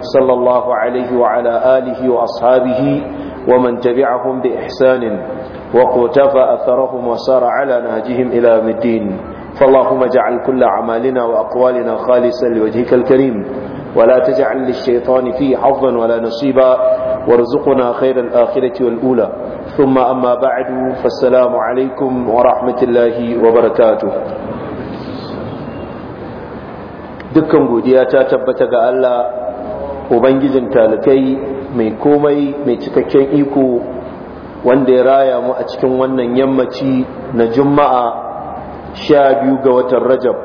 صلى الله عليه وعلى آله وأصحابه ومن تبعهم بإحسان وقتفى أثرهم وسار على نهجهم إلى يوم الدين فاللهم اجعل كل أعمالنا وأقوالنا خالصا لوجهك الكريم ولا تجعل للشيطان فيه حظا ولا نصيبا وارزقنا خير الآخرة والأولى ثم أما بعد فالسلام عليكم ورحمة الله وبركاته dukkan godiya ta tabbata ga Allah ubangijin talakai mai komai mai cikakken iko wanda ya raya mu a cikin wannan yammaci na juma'a sha biyu ga watan rajab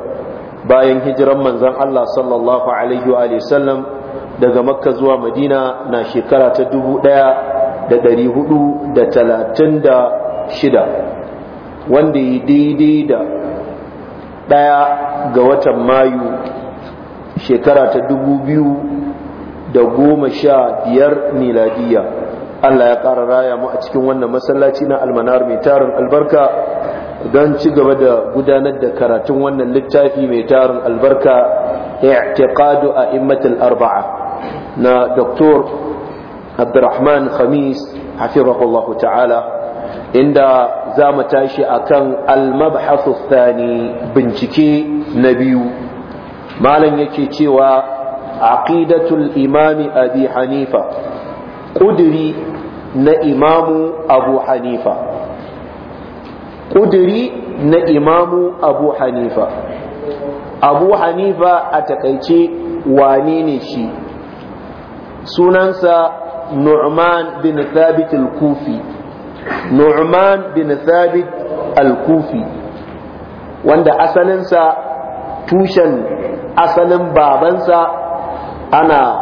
bayan hijiran manzan allah sallallahu alaihi wa sallam daga makka zuwa madina na shekara ta dubu ɗaya da ɗari hudu da talatin da shida wanda ya daidai da ɗaya ga watan mayu shekara ta dubu biyu da goma sha biyar miladiya Allah ya ƙara raya mu a cikin wannan masallaci na almanar mai tarin albarka don ci gaba da gudanar da karatun wannan littafi mai tarin albarka i'tiqadu a immatul arba'a na doktor abdurrahman khamis hafizahullah ta'ala inda za mu tashi akan kan mabhasu thani bincike na biyu malam yake cewa aqidatul imami abi hanifa na imamu abu hanifa ƙuduri na imamu abu hanifa abu hanifa a taƙaice wane ne shi sunansa nu'man bin thabit nu'man bin thabit al-kufi wanda asalinsa tushen asalin babansa ana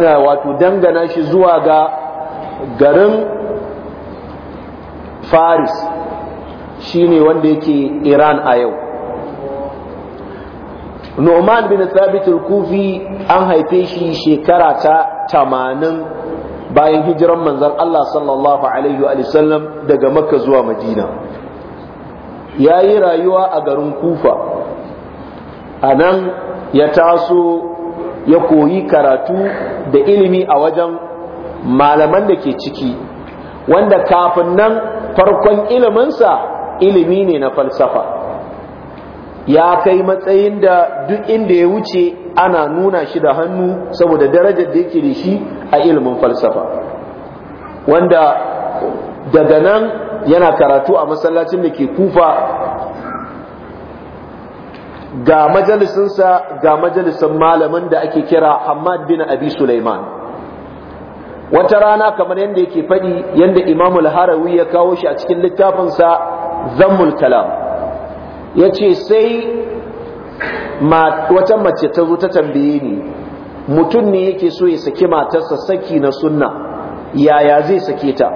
eh, wato dangana shi zuwa ga garin faris shi ne wanda yake iran a yau Noman bin Thabit kufi an haife shi shekara ta tamanin bayan hijiran manzan Allah sallallahu alaihi wa sallam daga Makka zuwa Madina yi rayuwa a garin Kufa a nan ya taso ya koyi karatu da ilimi a wajen malaman da ke ciki wanda kafin nan farkon iliminsa ilimi ne na falsafa ya kai matsayin da duk inda ya wuce ana nuna shi da hannu saboda darajar da yake da shi a ilimin falsafa wanda daga nan yana karatu a masallacin da ke kufa ga majalisinsa ga majalisin malamin da ake kira Hamad bin Abi Sulaiman wata rana kamar yadda yake faɗi yadda Imam al-Harawi ya kawo shi a cikin littafinsa Zammul Kalam yace sai wata mace ta zo ta tambaye ni mutum ne yake so ya saki matarsa saki na sunna yaya zai sake ta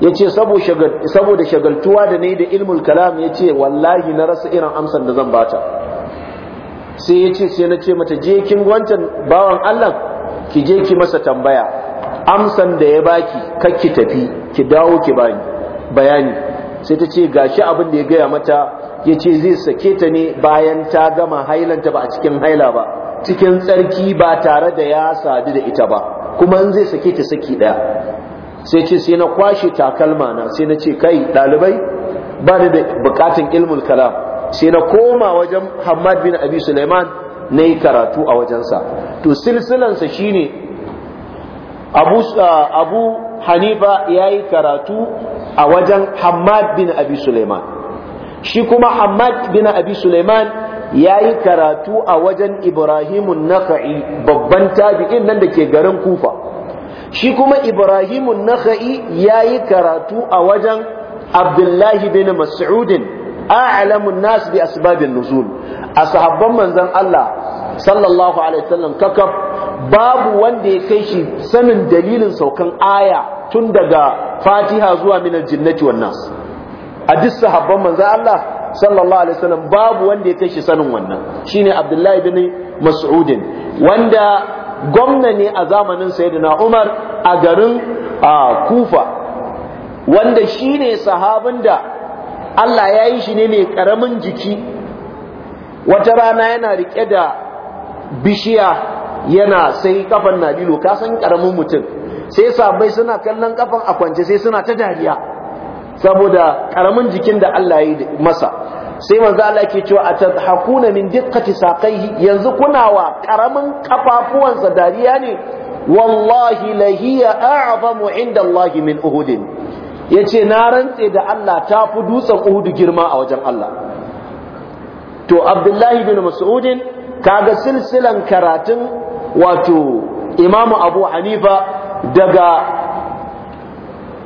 yace saboda shagaltuwa da ne da ilmul kalam ya ce, wallahi na rasa irin amsar da zan bata sai ya ce sai na ce mata je kin wancan bawan Allah ki je ki masa tambaya amsan da ya baki kar ki tafi ki dawo ki bani bayani sai ta ce gashi abin da ya gaya mata ya ce zai sake ta ne bayan ta gama hailanta ba a cikin haila ba cikin tsarki ba tare da ya sadu da ita ba kuma in zai sake ta saki daya sai ce sai na kwashe takalma na sai na ce kai ɗalibai ba da bukatun ilmul kalam sai na koma wajen Hamad bin Abi Sulaiman na yi karatu a wajensa to silsilansa shine Abu uh, Abu Hanifa ya yi karatu a wajen Hamad bin Abi Sulaiman shi kuma Hamad bin Abi Sulaiman ya yi karatu a wajen Ibrahimun Naka'i babban tabi'in nan da ke garin Kufa shi kuma Ibrahimun Naka'i ya yi karatu a wajen Abdullahi bin Mas'udin a'lamu nas bi asbabin nuzul a sahabban manzan Allah sallallahu alaihi wasallam kakaf babu wanda ya kai shi sanin dalilin saukan aya tun daga Fatiha zuwa minal jinnati wan nas a duk sahabban manzan Allah sallallahu alaihi wasallam babu wanda ya kai shi sanin wannan shine Abdullahi bin Mas'ud wanda gwamna ne a zamanin Sayyidina Umar a garin Kufa wanda shine sahabin da Allah ya yi shi ne mai ƙaramin jiki wata rana yana riƙe da bishiya yana sai kafan nabilu ka san ƙaramin mutum sai sabai suna kallon kafan a kwance sai suna ta dariya saboda ƙaramin jikin da Allah ya yi masa sai manzo Allah yake cewa atadhakuna min diqqati saqaihi yanzu kuna wa ƙaramin kafafuwansa dariya ne wallahi lahiya a'zamu inda Allah min uhudin ya ce na rantse da Allah ta fi dutsen uhudu girma a wajen Allah to abdullahi bin mas'udin kaga silsilan karatun wato imamu abu hanifa daga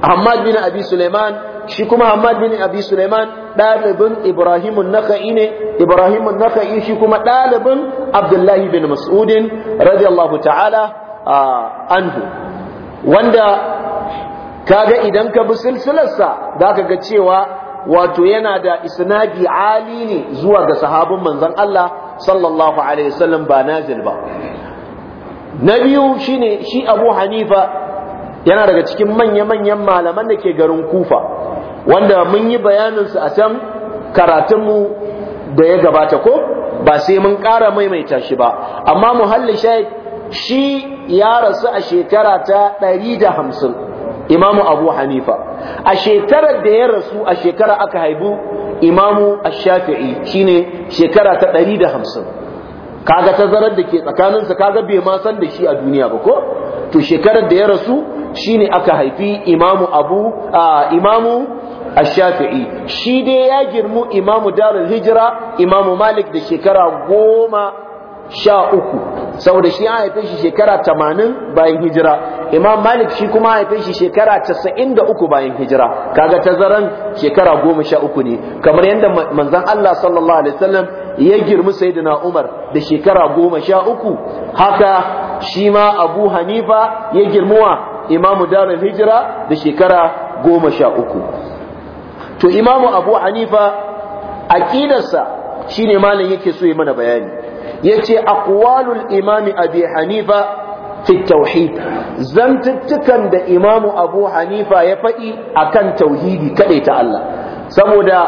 hamad bin abi suleiman shi kuma hamad bin abi suleiman ɗalibin ibrahimun naka'i ne ibrahimun naka'i shi kuma ɗalibin abdullahi bin mas'udin radiyallahu ta'ala ah, anhu wanda kaga idan ka bi silsilarsa za ka ga cewa wato yana da isnadi ali ne zuwa ga sahabin manzon Allah sallallahu alaihi wasallam ba nazil ba na biyu shine shi Abu Hanifa yana daga cikin manya-manyan malaman da ke garin Kufa wanda mun yi bayanin su a can karatunmu da ya gabata ko ba sai mun ƙara maimaita shi ba amma muhalli shi ya rasu a shekara ta ɗari da hamsin imamu abu hanifa a shekarar da ya rasu a shekara aka haibu imamu ash-shafi'i shine shekara ta da hamsin. kaga tazarar da ke tsakaninsa kaga bai ma san da shi a duniya ba ko to shekarar da ya rasu shine aka haifi imamu abu imamu shi dai ya girmu imamu darul hijra imamu malik da shekara goma sha uku saboda shi an haife shi shekara tamanin bayan hijira imam malik shi kuma haife shi shekara casa'in da uku bayan hijira kaga tazaran shekara goma sha uku ne kamar yadda manzon Allah sallallahu alaihi wasallam ya girmi sayyidina Umar da shekara goma sha uku haka shi ma Abu Hanifa ya girmuwa imamu darul hijira da shekara goma sha uku to imamu Abu Hanifa aqidarsa shine malam yake so ya mana bayani yace aqwalul imami abi hanifa fi tauhid zantuttukan da imamu abu hanifa ya faɗi akan tauhidi ta Allah saboda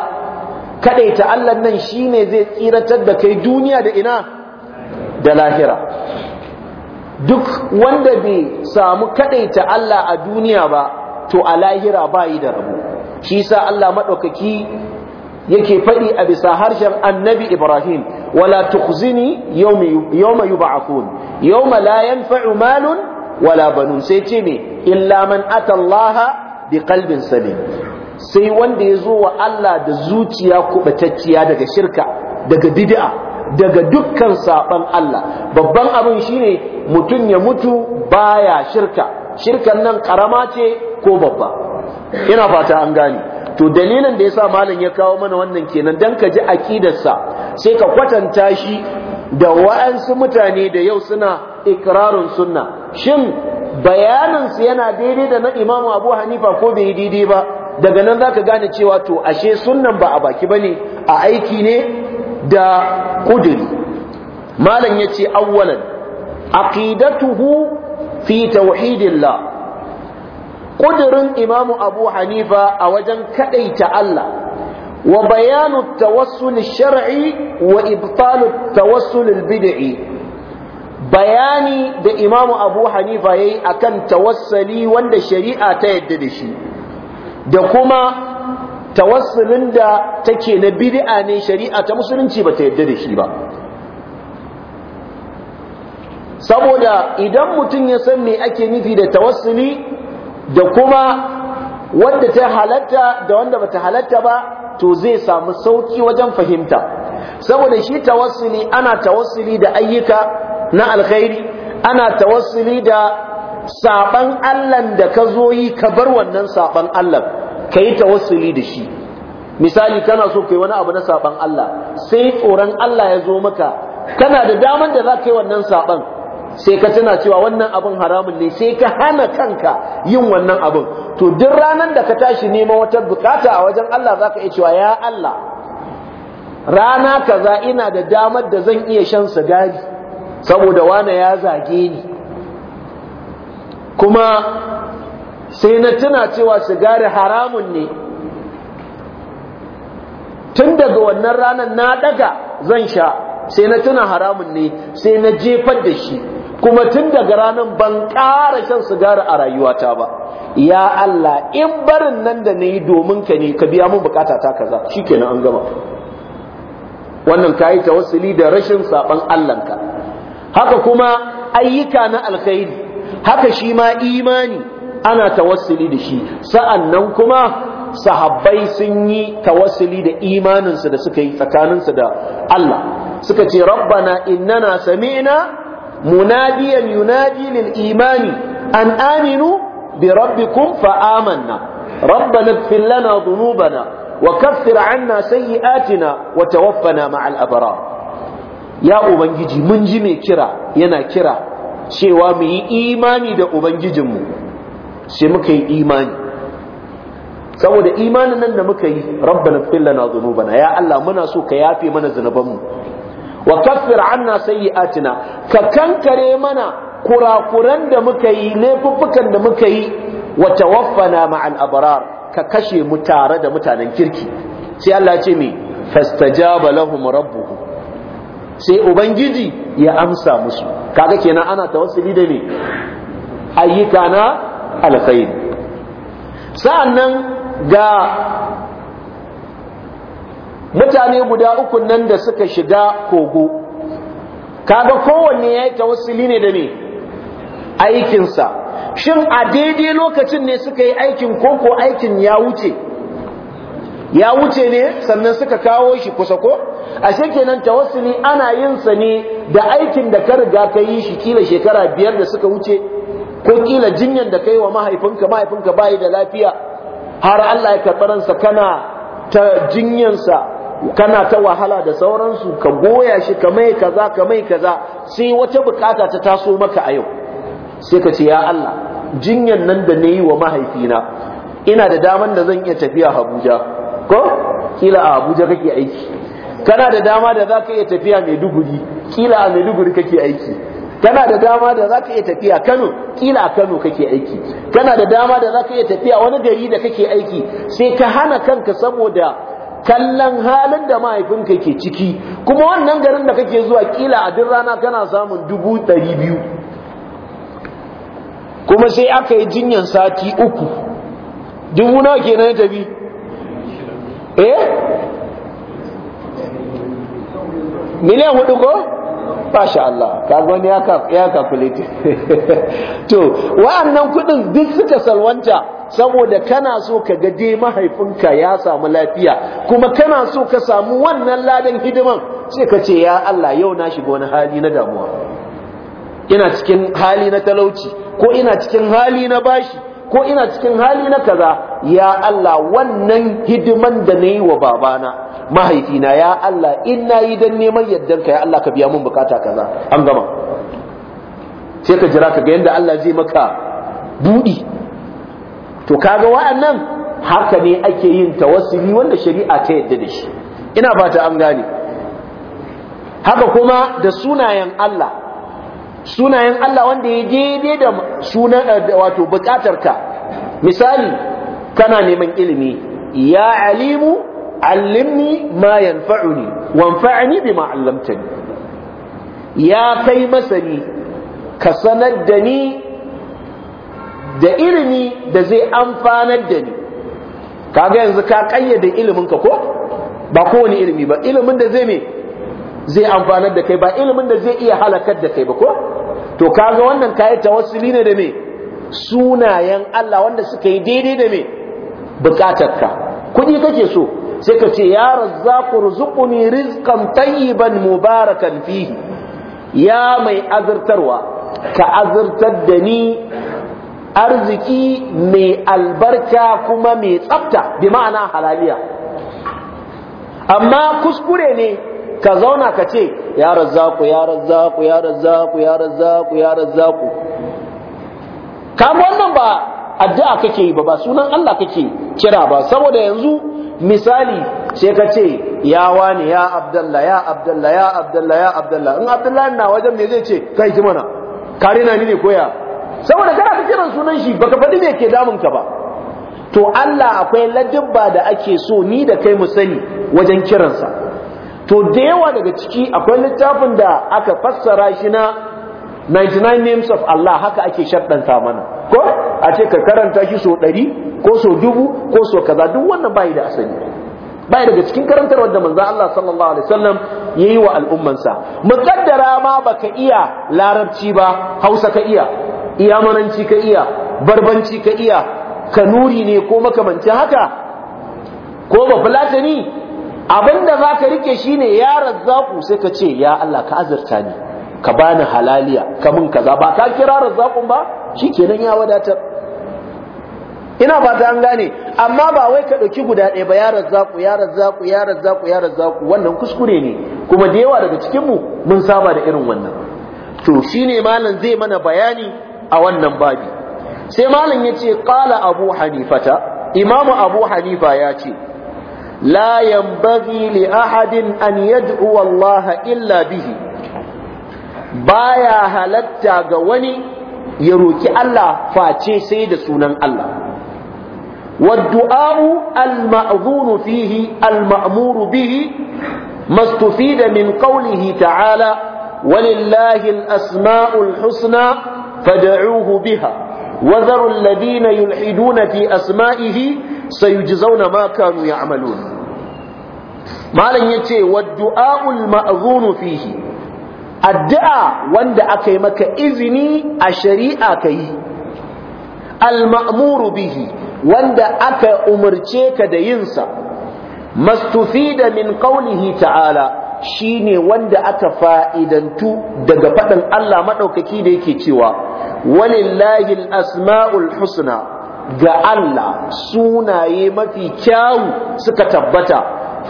ta Allah nan shine zai tsiratar da kai duniya da ina da lahira duk wanda bai samu ta Allah a duniya ba to a lahira bayi da rabo. shi sa Allah madaukaki yake faɗi a bisa harshen annabi Ibrahim ولا تخزني يوم يوم يبعثون يوم لا ينفع مال ولا بنون man إلا من أتى الله بقلب سليم sai wanda ya zo wa Allah da zuciya kubatacciya daga shirka daga bid'a daga dukkan saban Allah babban abin shine mutum ya mutu baya shirka shirkan nan karama ce ko babba ina fata an gane to dalilin da yasa malam ya kawo mana wannan kenan dan ka ji aqidarsa sai ka kwatanta shi da wa'ansu mutane da yau suna ikrarin sunna shin bayaninsu yana daidai da na Imam abu hanifa ko bai daidai ba daga nan zaka gane cewa to ashe sunnan ba a baki bane a aiki ne da kudiri malam yace awwalan aqidatuhu fi tauhidillah ƙudurin Imam abu hanifa a wajen kaɗaita Allah wa bayanu tawassul shar'i wa ibtalu tawassul bid'i bayani da imamu abu hanifa yayi akan tawasali wanda shari'a ta yadda da shi da kuma tawassulin da take na bid'a ne shari'a ta musulunci ba ta yadda da shi ba saboda idan mutum ya san me ake nufi da tawassuli da kuma wanda ta halatta da wanda bata halatta ba to zai samu sauki wajen fahimta saboda shi tawassuli ana tawassuli da ayyuka na alkhairi ana tawassuli da saban Allah da ka zo yi ka bar wannan saban Allah ka yi tawassuli da shi misali kana so kai wani abu na saban Allah sai tsoron Allah ya zo maka kana da daman da za ka yi wannan saban sai ka tuna cewa wannan abin haramun ne sai ka hana kanka yin wannan abin to duk ranar da ka tashi neman wata bukata a wajen Allah zaka iya cewa ya Allah rana kaza ina da damar da zan iya shan sigari saboda wane ya zage ni kuma sai na tuna cewa sigari haramun ne tun daga wannan ranar na daga zan sha sai na tuna haramun ne sai na jefar da shi kuma tun daga ranar ban ƙara shan sigari a rayuwata ba ya Allah in barin nan da na yi domin ka ne ka biya mun bukata ta kaza shikenan an gama wannan kayi tawassuli da rashin saban Allahnka haka kuma ayyuka na alkhairi haka shi ma imani ana tawassuli da shi sa'annan kuma sahabbai sun yi tawassuli da imaninsu da suka yi tsakaninsu da Allah suka ce rabbana innana sami'na munadiyan yunadi lil imani an aminu bi rabbikum fa amana. rabbana ighfir lana dhunubana wa kaffir anna sayyi'atina wa tawaffana ma'al abrar ya ubangiji mun ji mai kira yana kira cewa mu yi imani da ubangijinmu sai muka yi imani saboda imanin nan da muka yi rabbana ighfir lana dhunubana ya Allah muna so ka yafe mana zunubanmu wa kaffir anna sayyi'atina ka kankare mana kurakuran da muka yi laifuffukan da muka yi wa tawaffana ma'al abrar ka kashe mu tare da mutanen kirki sai Allah ya ce me fastajaba lahum rabbuhum sai ubangiji ya amsa musu kaga kenan ana tawassuli da ne ayyuka na alkhair sa'annan ga mutane guda uku nan da suka shiga kogo kaga kowanne ya yi tawassuli ne da ne aikinsa shin a daidai lokacin ne suka yi aikin koko aikin ya wuce ya wuce ne sannan suka kawo shi kusa ko ashe kenan tawassuli ana yin sa ne da aikin da ka riga ka yi shi kila shekara biyar da suka wuce ko kila jinyar da ka yi wa mahaifinka mahaifinka bayi da lafiya har Allah ya karɓi ransa kana ta jinyansa kana ta wahala da sauransu ka goya shi ka mai kaza ka mai kaza sai wata bukata ta taso maka a yau sai ka ce ya Allah jinyan nan da na yi wa mahaifina ina da daman da zan iya tafiya Abuja ko kila a Abuja kake aiki kana da dama da zaka iya tafiya Maiduguri kila a Maiduguri kake aiki kana da dama da zaka iya tafiya Kano kila a Kano kake aiki kana da dama da zaka iya tafiya wani gari da kake aiki sai ka hana kanka saboda kallon halin da mahaifinka ke ciki kuma wannan garin da kake zuwa kila a duk rana kana samun dubu ɗari biyu kuma sai aka yi jinyan sati uku dubu nawa kenan nan tabi eh miliyan hudu ko masha Allah ka wani ya calculate to wa'annan kudin duk suka salwanta saboda kana so ka ga dai mahaifinka ya samu lafiya kuma kana so ka samu wannan ladan hidiman sai ka ce ya Allah yau na shiga wani hali na damuwa ina cikin hali na talauci ko ina cikin hali na bashi ko ina cikin hali na kaza ya Allah wannan hidiman da na yi wa babana mahaifina ya Allah in yi don neman yardanka ya Allah ka biya mun bukata kaza an gama sai ka jira ka ga yadda Allah zai maka budi to kaga wa'annan haka ne ake yin tawassuli wanda shari'a ta yadda da shi ina fata an gane haka kuma da sunayen Allah sunayen Allah wanda ya daidai da sunan eh, wato bukatarka misali kana neman ilimi ya alimu allimni ma yanfa'uni wanfa'ni bima 'allamtani ya kai masani ka sanar da ni da ilimi da zai amfanar da ni kaga yanzu ka kayyade ilimin ka ko ba kowane ilimi ba ilimin da zai me zai amfanar da kai ba ilimin da zai iya halakar da kai ba ko to kaga wannan kayi tawassuli ne da me sunayen Allah wanda suka yi daidai da me bukatarka kuɗi kake so sai ka ce ya razzaqu rzuqni rizqan tayyiban mubarakan fihi ya mai azurtarwa ka azurtar da ni arziki mai albarka kuma mai tsafta bi ma'ana halaliya amma kuskure ne ka zauna ka ce ya razzaku ya razzaku ya razzaku ya razzaku ya razzaku kaga wannan ba addu'a kake yi ba ba sunan Allah kake kira ba saboda yanzu misali sai ka ce ya wani ya Abdullahi! ya Abdullahi! ya Abdullahi! ya Abdullahi!" in Abdullahi na wajen me zai ce kai ki mana kare na ni ne koya saboda kana ta kiran sunan shi baka fadi me ke damun ka ba to Allah akwai ladabba da ake so ni da kai mu sani wajen kiransa to da yawa daga ciki akwai littafin da aka fassara shi na 99 names of Allah haka ake shaddanta mana ko a ce ka karanta shi so ɗari, ko so dubu ko so kaza duk wannan bai da asali bai daga cikin karantarwar da manzo Allah sallallahu alaihi wasallam yayi wa al'ummansa muqaddara ma baka iya larabci ba Hausa ka iya iyamananci ka iya barbanci ka iya kanuri ne ko makamancin haka ko ba fulatani abinda za ka rike ne ya razzaku sai ka ce ya Allah ka azurta ni ka bani halaliya ka mun kaza ba ka kira razzakun ba shi kenan ya wadatar ina ba ta an gane amma ba wai ka ɗauki guda ɗaya ba ya razzaku ya razzaku ya razzaku ya razzaku wannan kuskure ne kuma da yawa daga cikinmu mun saba da irin wannan to shine malam zai mana bayani a wannan babi sai malam ya ce ƙala abu hanifata imamu abu hanifa ya ce la yanbaghi li ahadin an yad'u Allah illa bihi baya halatta ga wani ya roki Allah face sai da sunan Allah والدعاء المأذون فيه المأمور به ما استفيد من قوله تعالى ولله الأسماء الحسنى فدعوه بها وذروا الذين يلحدون في أسمائه sayujzauna zauna kanu ya'malun malam yace wadda'ul ma'zunu fihi addu'a wanda aka yi maka izini a shari'a yi. al-ma'muru bihi wanda aka umarce ka da yinsa mastufida min ƙaunihi ta'ala shine wanda aka fa'idantu daga faɗin Allah maɗaukaki da yake cewa wani al-asma'ul husna ga Allah sunaye mafi kyawu suka tabbata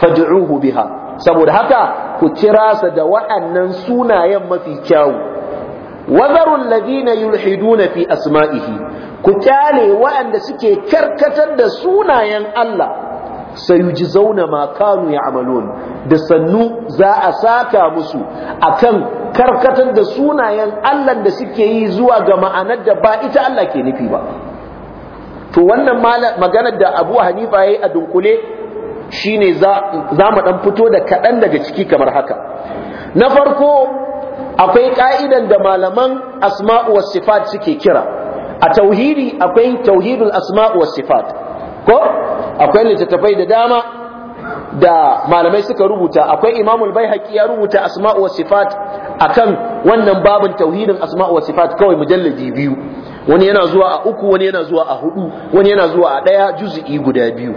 fad'uhu biha saboda haka ku kira sa da waɗannan sunayen mafi kyawu wadharu alladhina yulhiduna fi asma'ihi ku kyale waɗanda suke karkatar da sunayen Allah zauna ma kanu ya'malun da sannu za a saka musu akan karkatar da sunayen Allah da suke yi zuwa ga ma'anar da ba ita Allah ke nufi ba to wannan maganar da abu hanifa ya yi a dunkule shine za mu ɗan fito da kaɗan daga ciki kamar haka na farko akwai ƙa'idan da malaman asma'u sifat suke kira a tauhiri akwai tauhidul asma'u sifat ko akwai littattafai da dama da malamai suka rubuta akwai imamul baihaqi ya rubuta asma'u sifat akan wannan babin tauhidin asma'u sifat kawai mujalladi biyu wani yana zuwa a uku wani yana zuwa a hudu wani yana zuwa a ɗaya. juz'i guda biyu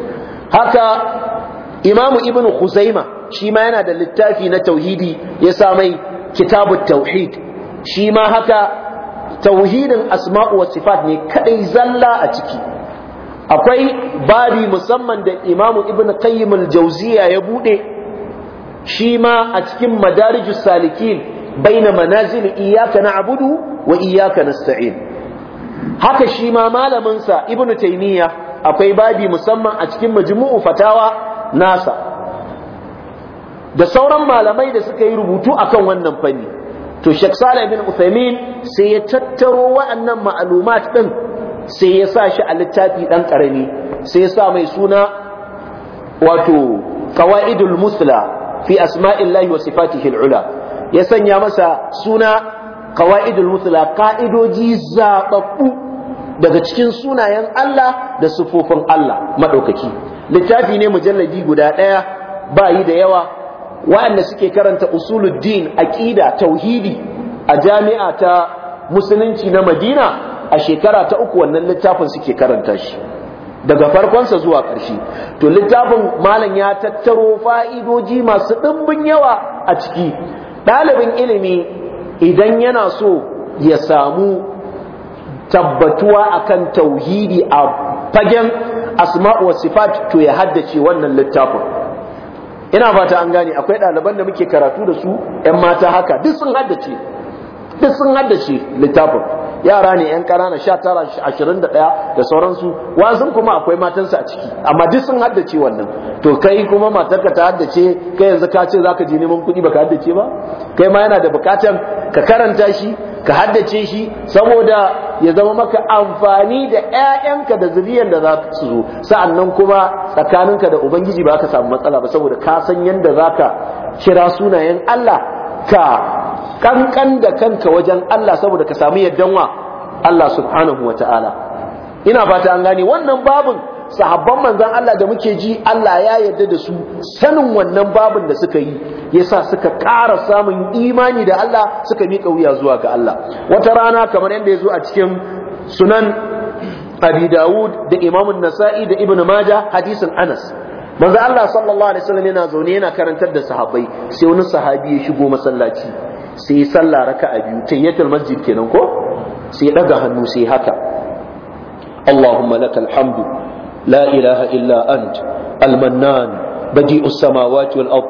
haka imamu ibn khuzaima shi ma yana da littafi na tauhidi ya sa mai kitabut tauhid shi ma haka tauhidin asma'u wa sifat ne kadai zalla a ciki akwai babi musamman da imamu ibn qayyim al-jawziya ya bude shi ma a cikin madarijus salikin baina manazil iyyaka na'budu wa iyyaka nasta'in haka shi ma malaminsa ibnu taymiya akwai babi musamman a cikin majmu'u fatawa nasa da sauran malamai da suka yi rubutu akan wannan fanni to shek Saleh bin uthaymin sai ya tattaro wa'annan ma'lumat din sai ya sa shi a littafi dan karami sai ya sa mai suna wato qawaidul musla fi asma'illahi wa sifatihi al'ula ya sanya masa suna qawaidul mutla ka'idoji zababbu daga cikin sunayen Allah da sufofin Allah madaukaki littafi ne mujalladi guda ɗaya, ba yi da yawa waɗanda suke karanta usuluddin aqida tauhidi a jami'a ta musulunci na Madina a shekara ta uku wannan littafin suke karanta shi daga farkonsa zuwa ƙarshe to littafin malam ya tattaro fa'idoji masu ɗimbin yawa a ciki ɗalibin ilimi idan yana so ya samu tabbatuwa akan tauhidi a fagen asma'u wa sifat to ya haddace wannan littafin ina fata an gane akwai ɗaliban da muke karatu da su 'yan mata haka duk sun haddace duk sun haddace littafin yara ne yan ƙanana 19 21 da sauransu wasu kuma akwai matansu a ciki amma duk sun haddace wannan to kai kuma matarka ta haddace kai yanzu ka ce zaka je neman kuɗi baka haddace ba kai ma yana da buƙatar ka karanta shi ka haddace shi saboda ya zama maka amfani da ƴaƴanka da zuriyar da za su zo sa'annan kuma tsakaninka da ubangiji ba ka samu matsala ba saboda ka san yadda za ka kira sunayen Allah ka kankan da kanka wajen Allah saboda ka samu yaddan wa Allah subhanahu wa ta'ala ina fata an gane wannan babun sahabban manzan Allah da muke ji Allah ya yarda da su sanin wannan babun da suka yi yasa suka ƙara samun imani da Allah suka miƙa wuya zuwa ga Allah wata rana kamar yadda ya zo a cikin sunan Abi Dawud da Imam Nasa'i da Ibn Majah hadisin Anas manzo Allah sallallahu alaihi wasallam yana zaune yana karantar da sahabbai sai wani sahabi ya shigo masallaci sai yi sallah raka'a biyu ta masjid kenan ko sai daga hannu sai haka Allahumma lakal hamdu la ilaha illa ant al-mannan samawati wal ard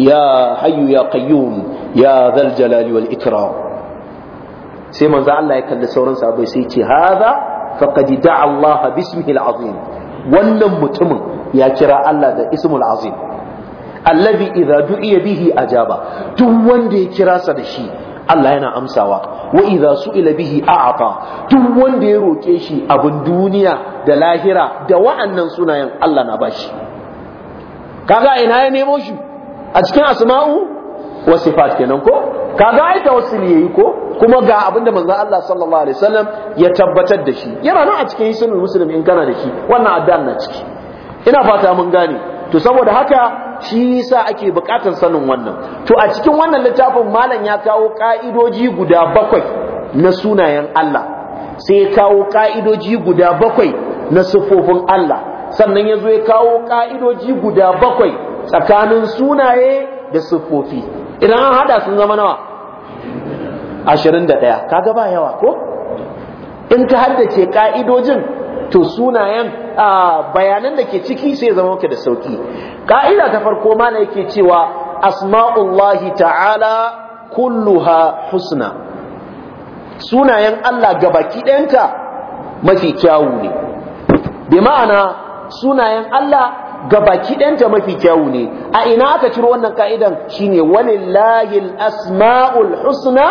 ya hayyu ya qayyum ya dhal jalali wal ikram sai manzo Allah ya kalli sauran sahabbai sai ce hadha faqad da'a Allah bismihi al-azim wannan mutumin ya kira Allah da ismul azim allabi idza du'iya bihi ajaba duk wanda ya kira sa da shi Allah yana amsawa wa idza su'ila bihi a'ata duk wanda ya roke shi abin duniya da lahira da wa'annan sunayen Allah na bashi kaga ina ya nemo shi a cikin asma'u wa sifat kenan ko kaga ai tawassuli yayi ko kuma ga abinda manzon Allah sallallahu alaihi wasallam ya tabbatar da shi yana nan a cikin sunan muslim in kana da shi wannan addan na ciki ina fata mun gane to saboda haka shi yasa ake bukatar sanin wannan to a cikin wannan littafin malam ya kawo ka'idoji guda bakwai na sunayen Allah sai ya kawo ka'idoji guda bakwai na sifofin Allah sannan ya zo ya kawo ka'idoji guda bakwai tsakanin sunaye da sifofi. idan an hada sun zama nawa ashirin da ɗaya kaga ba yawa ko in ka haddace ka'idojin to sunayen bayanan da ke ciki sai zama maka da sauki ka'ida ta farko mana yake cewa asma'ullahi ta'ala kulluha husna sunayen Allah gabaki ɗayanka mafi kyawu ne bi ma'ana sunayen Allah gabaki ɗanta mafi kyawu ne a ina aka ciro wannan ka'idan shine walillahi al-asma'ul husna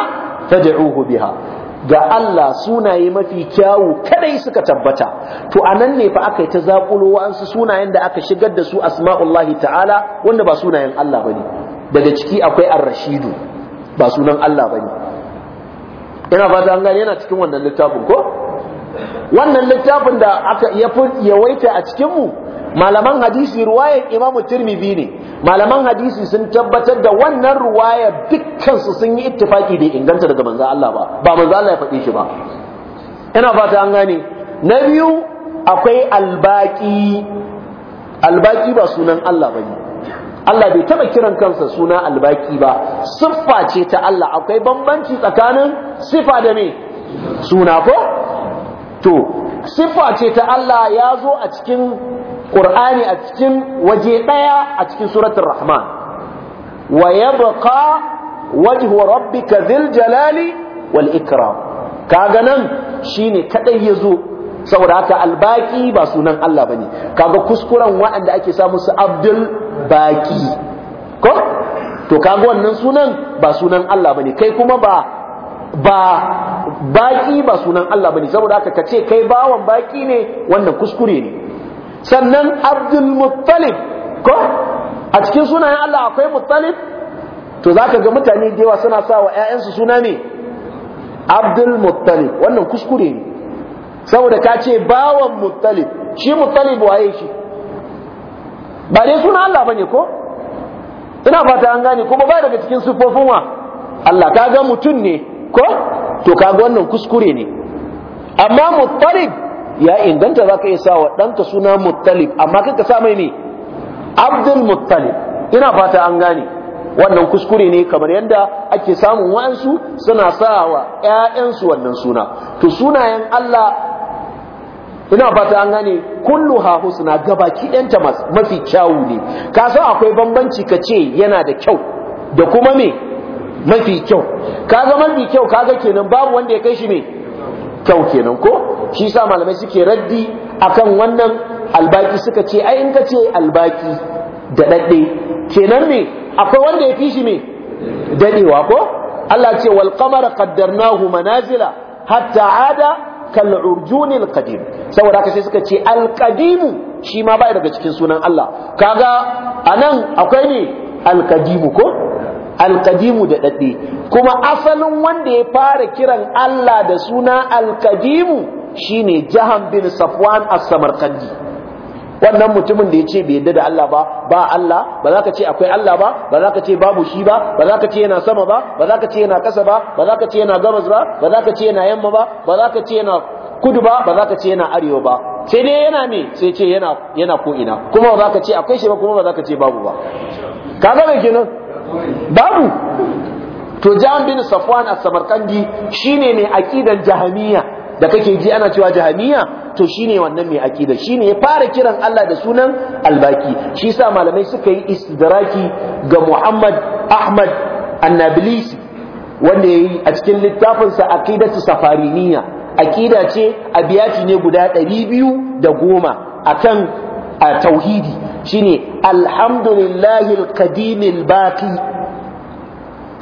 fad'uhu biha ga Allah sunaye mafi kyawu kadai suka tabbata to anan ne fa aka yi ta zakulo wa'ansu sunayen da aka shigar da su asma'ullahi ta'ala wanda ba sunayen Allah bane daga ciki akwai ar-rashidu ba sunan Allah bane ina fata an gane yana cikin wannan littafin ko wannan littafin da aka yawaita a cikin mu malaman hadisi ruwayar imamu tirmidhi ne malaman hadisi sun tabbatar da wannan ruwayar dukkansu sun yi ittifaki da inganta daga manzo Allah ba ba manzo Allah ya faɗi shi ba ina fata an gane na biyu akwai albaki albaki ba sunan Allah bane Allah bai taba kiran kansa suna albaki ba siffa ce ta Allah akwai bambanci tsakanin sifa da me suna ko to siffa ce ta Allah ya zo a cikin qur'ani a cikin waje ɗaya a cikin suratul rahman wa yabqa wajhu rabbika zil jalali wal ikram kaga nan shine kadai yazo saboda haka albaki ba sunan Allah bane kaga kuskuren waɗanda ake samu su abdul baki ko to kaga wannan sunan ba sunan Allah bane kai kuma ba ba baki ba sunan Allah bane saboda haka kace kai bawan baki ne wannan kuskure ne sannan abdul muttalib ko a cikin sunayen Allah akwai muttalib to za ka ga mutane da yawa suna sa wa ‘ya’yansu suna ne abdul muttalib wannan kuskure ne saboda ka ce bawan muttalib shi muttalib waye shi ba dai suna Allah bane ko ina fata an gane kuma ba daga cikin siffofin wa Allah ga mutum ne ko to kaga wannan kuskure ne amma muttalib ya inganta za ka iya sa wa ɗanka suna muttalib amma kanka sa mai ne abdul muttalib ina fata an gane wannan kuskure ne kamar yadda ake samun wa'ansu suna sa wa ‘ya'yansu wannan suna to sunayen Allah ina fata an gane kullu ha husna gabaki ɗanta mafi kyawu ne ka san akwai bambanci ka ce yana da kyau da kuma me mafi kyau Ka kaga mafi kyau ka ga kenan babu wanda ya kai shi me kyau kenan ko shi sa malamai suke raddi akan wannan albaki suka ce ai in ka ce albaki da dadde kenan ne akwai wanda ya fi shi me daɗewa ko Allah ce wal qamara qaddarnahu manazila hatta ada kal urjunil qadim saboda haka sai suka ce al qadim shi ma bai daga cikin sunan Allah kaga anan akwai ne al qadim ko alkadimu da dadde kuma asalin wanda ya fara kiran Allah da suna alkadimu shine Jahan bin Safwan as-Samarkandi wannan mutumin da ya ce bai yadda da Allah ba ba Allah ba za ka ce akwai Allah ba ba za ka ce babu shi ba ba za ka ce yana sama ba ba za ka ce yana kasa ba ba za ka ce yana gabas ba ba za ka ce yana yamma ba ba za ka ce yana kudu ba ba za ka ce yana arewa ba sai dai yana me sai ce yana yana ko ina kuma ba za ka ce akwai shi ba kuma ba za ka ce babu ba kaga me kenan babu to jahan bin safwan a samarkandi shine mai aƙidan jahamiya da kake ji ana cewa jahamiya to shine wannan mai aqida shine ya fara kiran Allah da sunan albaki shi yasa malamai suka yi istidraki ga Muhammad Ahmad Annabilisi wanda yi a cikin littafinsa aqidatu safariniya aqida ce abiyati ne guda 210 akan a tauhidi shine alhamdulillahi alqadimil baqi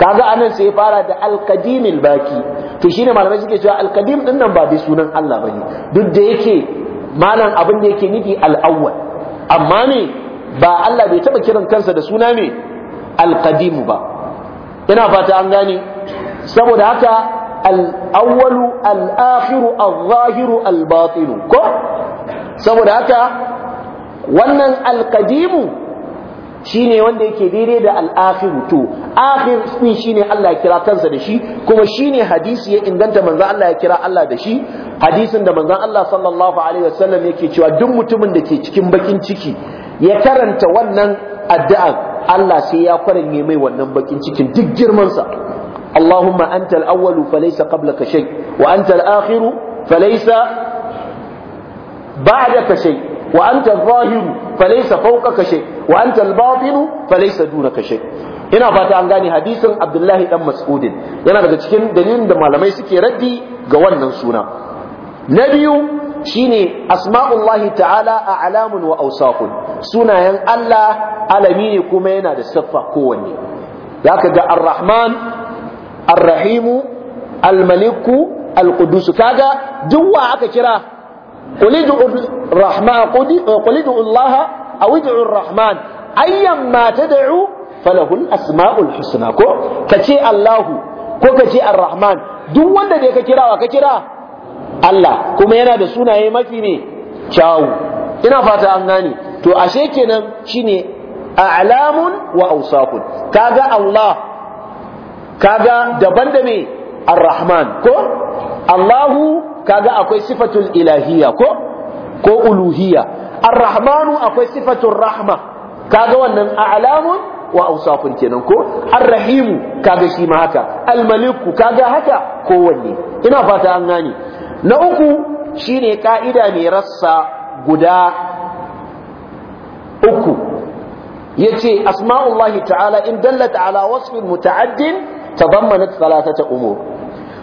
kaga anan sai fara da alqadimil baki. to shine malamai suke cewa alqadim din nan ba dai sunan Allah bane duk da yake malam abin da yake nufi al-awwal amma ne ba Allah bai taba kiran kansa da suna ne alqadim ba ina fata an gane saboda haka al-awwalu al-akhiru al-zahiru al-batinu ko saboda haka wannan alkadimu shine wanda yake daidai da al'akhiru to akhir din shine Allah ya kira kansa da shi kuma shi ne hadisi ya inganta manzon Allah ya kira Allah da shi hadisin da manzon Allah sallallahu alaihi wasallam yake cewa duk mutumin da ke cikin bakin ciki ya karanta wannan addu'a Allah sai ya kwaranye mai wannan bakin cikin duk girmansa. sa Allahumma antal awwalu falaisa kabla shay wa antal akhiru falaisa bada shay wa anta zahiru falaysa fawqaka shay wa anta al-batinu ina fata an gane hadisin Abdullahi dan Mas'udin yana daga cikin dalilin da malamai suke raddi ga wannan suna na biyu shine asma'ullahi ta'ala a'lamun wa awsafun sunayen Allah alami ne kuma yana da siffa kowanne zaka ga ar-rahman ar-rahimu al-maliku al-qudus kaga duk wa aka kira قل ادعوا الرحمن قل ادعوا الله او ادعوا الرحمن ايا ما تدعوا فله الاسماء الحسنى كو كتي الله كو كتي الرحمن duk wanda da ka kira wa ka kira Allah kuma yana da sunaye mafi ne kyawu ina fata an gane to ashe kenan shine a'lamun wa awsafun kaga Allah kaga daban da me ar ko Allahu kaga akwai sifatul ilahiya ko ko uluhiyya ar-rahmanu akwai sifatul rahma kaga wannan a'lamun wa awsafun kenan ko ar-rahimu kaga shi ma haka al-maliku kaga haka kowanne ina fata an gane na uku shine ka'ida ne rassa guda uku yace asma'ullahi ta'ala in dallat ala wasfin muta'addin tadammanat thalathata umur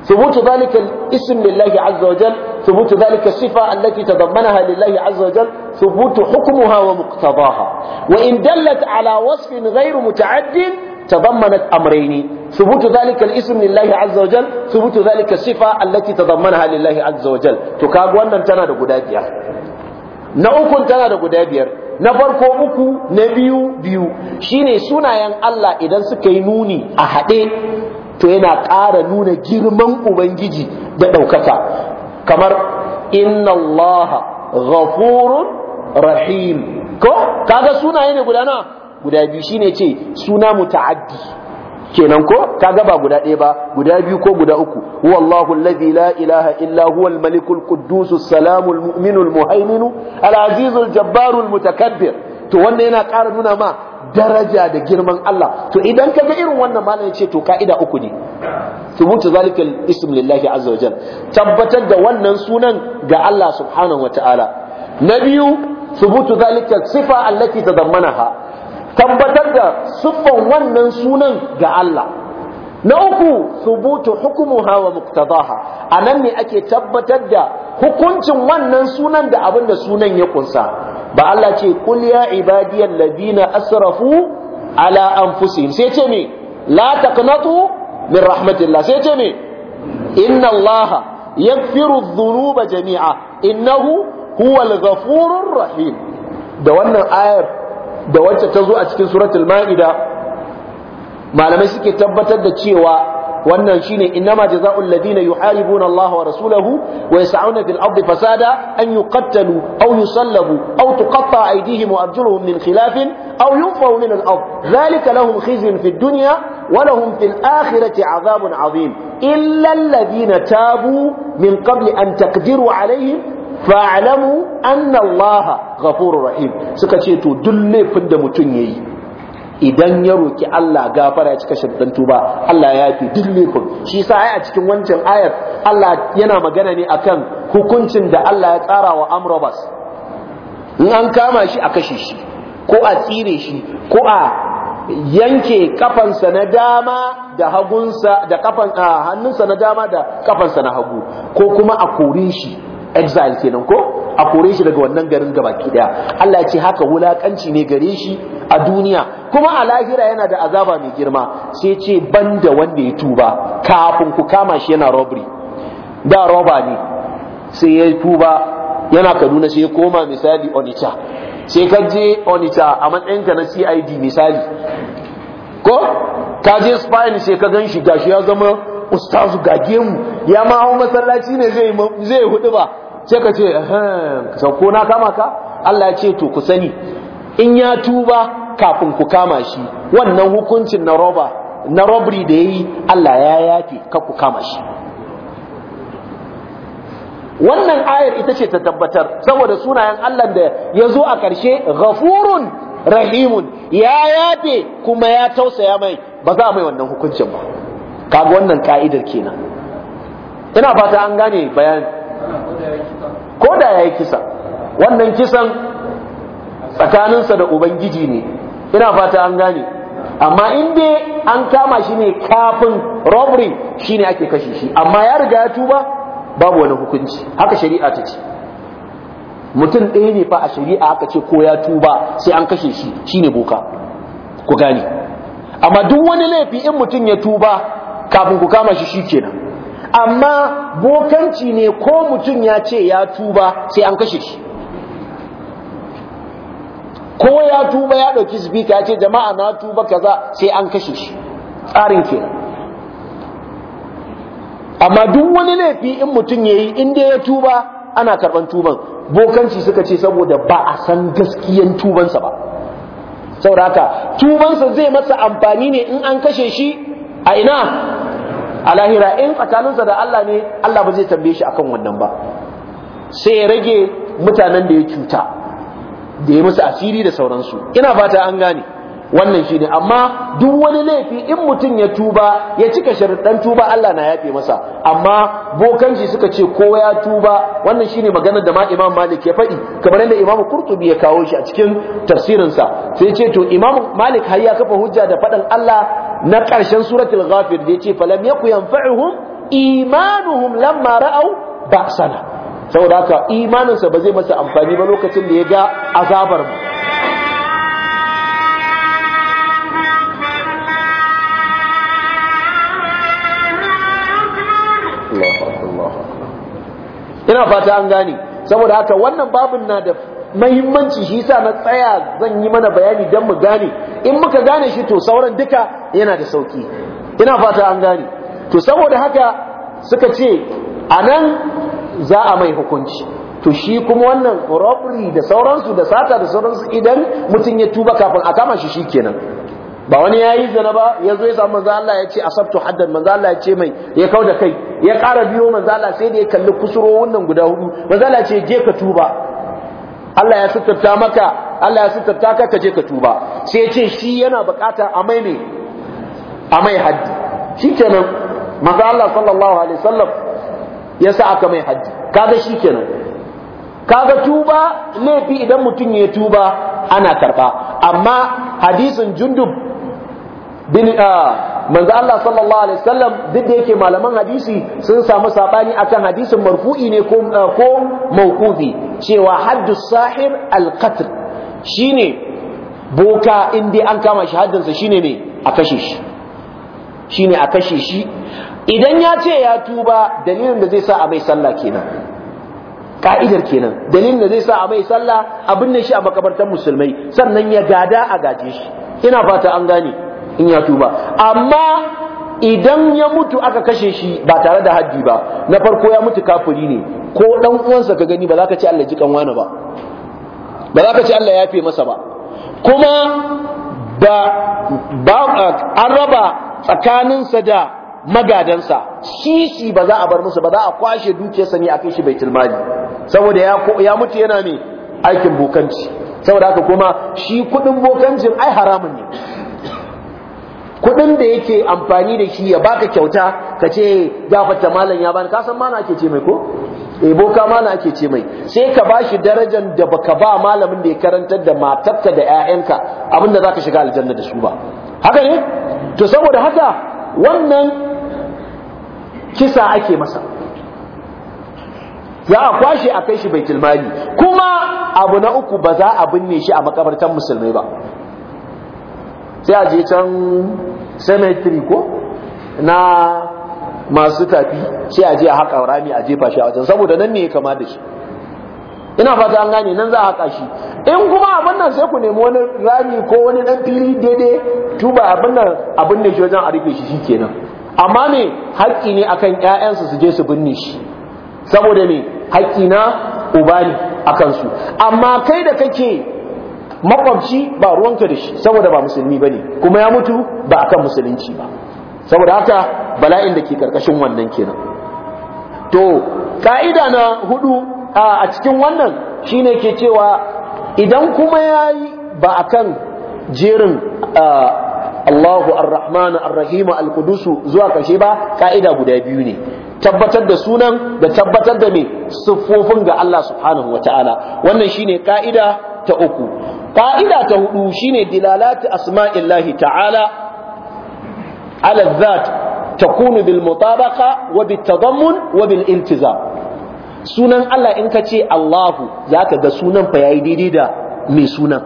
ثبوت ذلك الاسم لله عز وجل ثبوت ذلك الصفة التي تضمنها لله عز وجل ثبوت حكمها ومقتضاها وإن دلت على وصف غير متعد تضمنت أمرين ثبوت ذلك الاسم لله عز وجل ثبوت ذلك الصفة التي تضمنها لله عز وجل تكاب وأن تنا دقوداتيا نأكل تنا دقوداتيا na farko uku na biyu biyu shine sunayen Allah idan suka yi nuni a haɗe to yana ƙara nuna girman ubangiji da ɗaukaka kamar inna allaha ghafurun rahim ko kaga sunaye ne guda na guda biyu shine ce suna muta'addi kenan ko kaga ba guda ɗaya ba guda biyu ko guda uku wallahu alladhi la ilaha illa huwa al quddus salamul mu'minul muhaimin al jabbarul mutakabbir to wanda yana ƙara nuna ma daraja da girman Allah to idan ka ga irin wannan malam ya ce to ka'ida uku ne thubutu zalikal ism lillahi azza wa jal tabbatar da wannan sunan ga Allah subhanahu wa ta'ala na biyu thubutu zalikal sifa allati tadammanaha tabbatar da siffan wannan sunan ga Allah na uku thubutu hukumuha wa muqtadaha anan ne ake tabbatar da hukuncin wannan sunan da abinda sunan ya kunsa ba Allah ce qul ya ibadiyal ladina asrafu ala anfusihim sai ce me la taqnatu min rahmatillah sai ce me inna Allah yaghfiru dhunuba jami'a innahu huwal ghafurur rahim da wannan ayar da wacce ta zo a cikin suratul ma'ida malamai suke tabbatar da cewa wannan shine innama jazaa'ul ladina yuharibuna Allah wa rasulahu wa yas'una fil ardi fasada an yuqattalu aw yusallabu aw tuqatta aydihim wa arjuluhum min khilaf aw yunfaw min al ard dhalika lahum khizyun fid dunya wa lahum fil akhirati 'adhabun 'adhim illa alladhina tabu min qabli an taqdiru 'alayhim falamu anna Allah ghafurur rahim suka ce to duk laifin da mutum yayi idan ya roki Allah gafara ya cika shaddan tuba Allah ya yafi duk laifin shi sa ai a cikin wancan ayar Allah yana magana ne akan hukuncin da Allah ya tsara wa amrobas in an kama shi a kashe shi ko a tsire shi ko a yanke kafansa na dama da hagunsa da kafan hannunsa na dama da kafansa na hagu ko kuma a kore shi exile kenan ko a kore shi daga wannan garin gabaki daya Allah ya ce haka wulakanci ne gare shi a duniya kuma a lahira yana da azaba mai girma sai ce banda wanda ya tuba kafin ku kama shi yana robbery da roba ne sai ya tuba yana Kaduna sai ya koma misali Onitsha sai ka je Onitsha a matsayinka na CID misali ko ka je Spain sai ka gan shi gashi ya zama ustazu gage mu ya ma hau masallaci ne zai zai hudu ba ce ka ce sauko na kama ka Allah ya ce to ku sani in ya tuba kafin ku kama shi wannan hukuncin na roba na robri da yi, Allah ya yafe ka ku kama shi wannan ayar ita ce ta tabbatar saboda sunayen Allah da ya zo a ƙarshe ghafurun rahimun ya yafe kuma ya tausaya mai ba za a mai wannan hukuncin ba kaga wannan ka'idar kenan ina fata an gane bayani ko da ya yi kisa wannan kisan tsakaninsa da ubangiji ne ina fata an gane amma in dai an kama shi ne kafin robbery ne ake kashe shi amma ya riga ya tuba babu wani hukunci haka shari'a ta ce mutum ɗaya ne fa a shari'a aka ce ko ya tuba sai an kashe shi shi ne boka ku gane amma duk wani laifi in mutum ya tuba kafin ku kama shi shi kenan. amma bokanci ne ko mutum ya ce ya tuba sai an kashe shi ko ya tuba ya ɗauki sifika ya ce jama'a na tuba kaza sai an kashe shi tsarin ke amma duk wani laifi in mutum ya yi in dai ya tuba ana karban tuban bokanci suka ce saboda ba a san gaskiyan tubansa ba saboda haka tubansa zai masa amfani ne in an kashe shi a ina a lahira in tsakaninsa da Allah ne Allah ba zai tambaye shi akan wannan ba sai ya rage mutanen da ya cuta da ya musu asiri da sauransu ina fata an gane wannan shi ne, amma duk wani laifi in mutum ya tuba ya cika sharuɗan tuba Allah na yafe masa amma shi suka ce kowa ya tuba wannan shi ne maganar da ma Imam Malik ya faɗi kamar yadda Imam Qurtubi ya kawo shi a cikin tafsirinsa sai ce to Imam Malik har ya kafa hujja da faɗan Allah na ƙarshen suratul ghafir da ya ce falam yaku yanfa'uhum imanuhum lamma ra'aw ba'sana saboda haka imaninsa ba zai masa amfani ba lokacin da ya ga azabar mu ina fata an gane saboda haka wannan babin na da mahimmanci shi sa na tsaya zan yi mana bayani don mu gane in muka gane shi to sauran duka yana da sauki ina fata an gane to saboda haka suka ce a nan za a mai hukunci to shi kuma wannan robbery da sauransu da sata da sauransu idan mutum ya tuba kafin a kama shi shi kenan. ba wani ya yi zina ba ya zo ya samu manzo Allah ya ce asabtu haddan manzo Allah ya ce mai ya kau da kai ya ƙara biyo manzo Allah sai da ya kalli kusuro wannan guda hudu manzo Allah ya ce je ka tuba Allah ya sutarta maka Allah ya sutarta ka ka je ka tuba sai ya ce shi yana bukata a mai ne a mai haddi shikenan manzo Allah sallallahu alaihi wasallam ya sa aka mai haddi kaga shikenan kaga tuba laifi idan mutum ya tuba ana karba amma hadisin jundub bin ah, manzo Allah sallallahu alaihi wasallam duk da yake malaman hadisi sun samu sabani akan hadisin marfu'i ne ko ah, ko mauqufi cewa haddu sahir alqatl shine boka inda an kama shi sa shine me a kashe shi shine a kashe shi idan ya ce ya tuba dalilin da zai sa a mai sallah kenan ka'idar kenan dalilin da zai sa a mai sallah abin ne shi a makabartar musulmai sannan ya gada a gaje shi ina fata an gane in ya tuba amma idan ya mutu aka kashe shi ba tare da haddi ba na farko ya mutu kafiri ne ko dan uwansa ka gani ba za ka ce Allah ji wani ba ba za ka ce Allah ya fi masa ba kuma ba an raba tsakaninsa da magadansa shi shi ba za a bar musu ba za a kwashe dukiyarsa ne a kai shi baitul mali saboda ya mutu yana mai aikin bokanci saboda haka kuma shi kudin bokancin ai haramun ne kudin da yake amfani da shi ya baka kyauta ka ce gafata malam ya bani kasan mana ake ce mai ko e boka mana ake ce mai sai ka bashi darajar da baka ba malamin da ya karantar da matarka da ƴaƴanka abinda zaka shiga aljanna da su ba haka ne to saboda haka wannan kisa ake masa za a kwashe a kai shi baitul mali kuma abu na uku ba za a binne shi a makabartan musulmai ba sai a je can cemetery ko na masu tafi sai a je a haƙa rami a jefa shi a wajen saboda nan ne ya kama da shi ina fata an gane nan za a haƙa shi in kuma abin nan sai ku nemi wani rami ko wani dan fili daidai tuba abin nan abin ne shi wajen a rufe shi shikenan amma me haƙƙi ne akan ƴaƴansu su je su binne shi saboda me haƙƙi na uba a kansu amma kai da kake makwabci ba ruwanka da shi saboda ba musulmi ne kuma ya mutu ba akan musulunci ba saboda haka bala'in da ke karkashin wannan kenan to ka'ida na hudu a cikin wannan shine ke cewa idan kuma ya yi ba akan jerin Allahu Ar-Rahman Ar-Rahim Al-Qudus zuwa kashe ba ka'ida guda biyu ne tabbatar da sunan da tabbatar da mai siffofin ga Allah subhanahu wataala wannan shine ka'ida ta uku ka'ida ta hudu shine dilalati asma'illahi ta'ala alazat dhat takunu bil mutabaka wa bit tadammun wa bil iltizam sunan Allah in ka ce Allahu ka ga sunan fa yayi daidai da mai sunan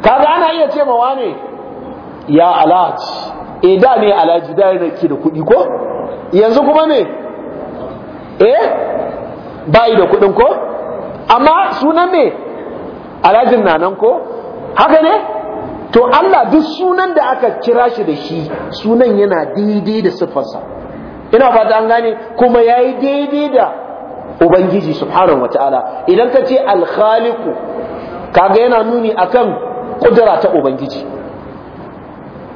kaga ana iya ce ma wane ya alhaji eh da ne alhaji da ke da kuɗi ko yanzu kuma me eh bai da kuɗin ko amma sunan me alhajin nanan ko haka ne to Allah duk sunan da aka kira shi da shi sunan yana daidai da siffarsa ina fata an gane kuma yayi daidai da ubangiji subhanahu wataala idan ka ce alkhaliku kaga yana nuni akan kudura ta ubangiji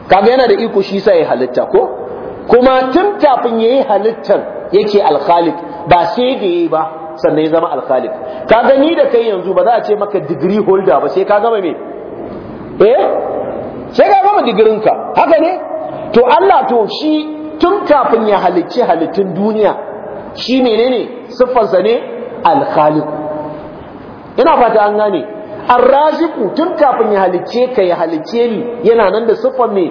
kaga yana da iko shi sai ya halitta ko kuma tun kafin yayi halittar yake alkhalik ba sai da yayi ba sannan ya zama alkhalik ka gani da kai yanzu ba za a ce maka digiri holder ba sai ka gama me eh sai ka gama digirin ka haka ne to Allah to shi tun tafin ya halicci halittun duniya shi menene siffarsa ne alkhaliq ina fata an gane arraziku tun kafin ya halicce ka ya halicce ni yana nan da siffar me